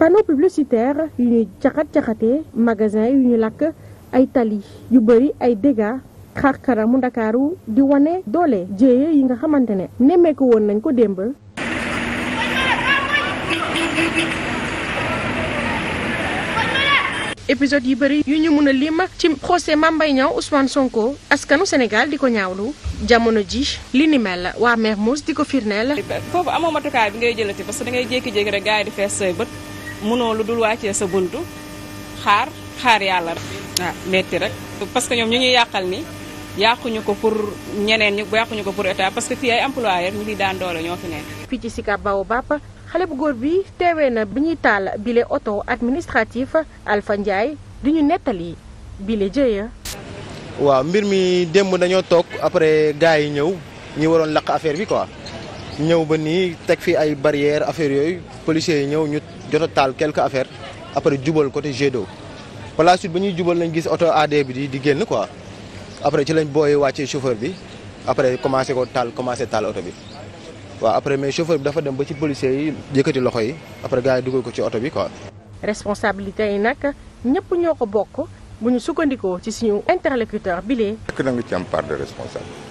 panneau publicitaire yu ñuy caxat-caxatee magasin yu ñu lakk ay tali yu bari ay dégâts xar kanamu Ndakaaru di wane doole jéeye yi nga xamante ne nemmeeku woon nañ ko démb épisode yi bëri yu ñu mën a lim ci procès Mame Mbaye Niang Ousmane Sonko askanu Sénégal di ko ñaawlu jamono ji li ni mel waa Mermoz di ko firndeel. foofu amoo matukaay bi ngay jëlati parce dangay jékki-jékki rek gars di fees say bët. mënoo lu dul wàccee sa bunt xaar xaar yàlla waaw ah, metti rek parce que ñoom ñu ñuy yàqal ni yàquñu ko pour ñeneen ñi yàquñu ko pour parce que fii ay employeur ñu di daan doole ñoo fi nekk. fii ci Sicap Baobab xale bu góor bi teewee na bi ñuy tàll bile auto administratif alfa Ndiaye du ñu nettali bile jëya. waaw mbir mi démb dañoo toog après gars yi ñëw ñi waroon laq affaire bi quoi. ñëw ba nii teg fi ay barrière affaire yooyu policiers yi ñëw ñu jot taal quelques affaires après jubal côté jet d'eau par la suite ba ñuy jubal lañ gis oto AD bi di di génn quoi après ci lañ booyee wàccee chauffeur bi après commencé ko taal commencé taal oto bi waaw après mais chauffeur bi dafa dem ba ci policiers yi yëkkati loxo yi après gars yi dugal ko ci oto bi quoi. responsabilité yi nag ñëpp ñoo ko bokk bu ñu sukkandikoo ci suñu interlocuteur bi lee. na nga ci am part de responsabilité.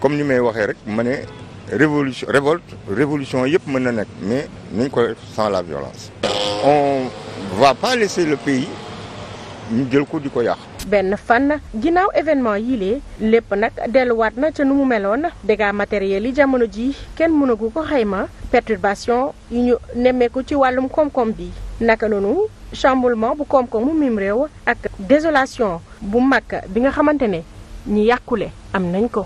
comme ni may waxee rek ma ne révolution révolte révolution yëpp mën na nekk mais nañ ko def sans la violence. on va pas laisser le pays ñu jël ko di ko yàq. benn fan ginnaaw événement yii lee lépp nag delluwaat na ca nu mu meloon dégâts matériel li jamono ji kenn mënagu ko xayma perturbation yu ñu nemmeeku ci wàllum koom-koom bi naka noonu chamboulement bu koom-koomu mim réew ak désolation bu mag bi nga xamante ne ñu yàqule am nañ ko.